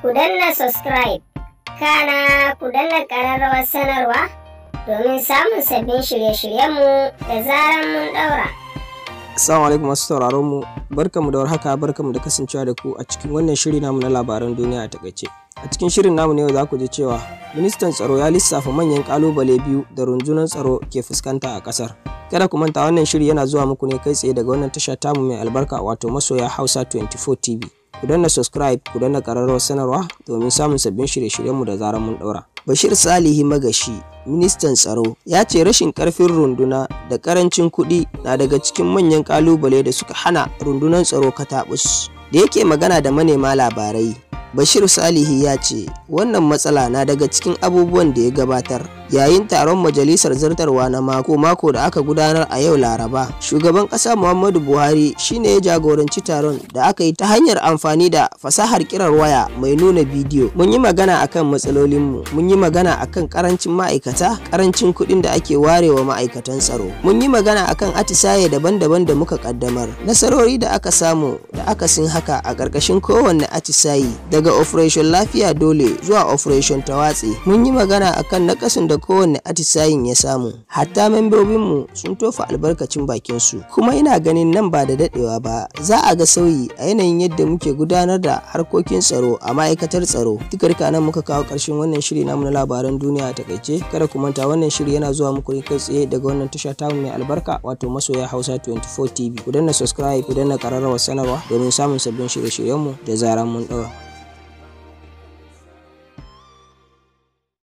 ku danna subscribe kana ku danna ƙararrawar sanarwa domin samun sabbin shirye-shiryenmu da zarar mun daura. Assalamu alaikum masu sauraron mu barkamu da warhaka barkamu da kasancewa da ku a cikin wannan shiri namu na labaran duniya a takaice. A cikin shirin namu ne za ku ji cewa ministan tsaro ya lissafa manyan kalubale biyu da rundunar tsaro ke fuskanta a kasar. Kada ku manta wannan shiri yana zuwa muku ne kai tsaye daga wannan tasha tamu mai albarka wato masoya Hausa 24 TV. ku danna subscribe ku danna ƙararrawar sanarwa domin samun sabbin shirye-shiryenmu da zarar mun ɗaura. Bashir Salihi Magashi, ministan tsaro, ya ce rashin ƙarfin runduna da ƙarancin kuɗi na daga cikin manyan ƙalubale da suka hana rundunar tsaro katabus Da yake magana da manema labarai, Bashir Salihi ya ce, Wannan matsala na daga cikin abubuwan da ya gabatar. Yayin taron majalisar zartarwa na mako-mako da aka gudanar a yau Laraba, shugaban ƙasa Muhammadu Buhari shine ya jagoranci taron da aka yi ta hanyar amfani da fasahar kirar waya mai nuna bidiyo. Mun yi magana akan matsalolinmu, mun yi magana akan karancin ma'aikata, karancin kuɗin da ake warewa ma'aikatan tsaro. Mun yi magana akan atisaye daban-daban da muka kaddamar, nasarori da aka samu da akasin haka a ƙarƙashin kowanne atisayi daga operation lafiya dole zuwa operation tawatse mun yi magana akan nakasin da kowanne atisayin ya samu hatta membobinmu sun tofa albarkacin bakinsu kuma ina ganin nan ba da daɗewa ba za a ga sauyi a yanayin yadda muke gudanar da harkokin tsaro a ma'aikatar tsaro duka nan muka kawo ƙarshen wannan shiri namu na labaran duniya a takaice kada ku manta wannan shiri yana zuwa muku kai tsaye daga wannan tasha tamu mai albarka wato masoya hausa 24 tv ku danna subscribe ku danna sanarwa domin samun sabbin shirye-shiryenmu da zarar mun ɗaura.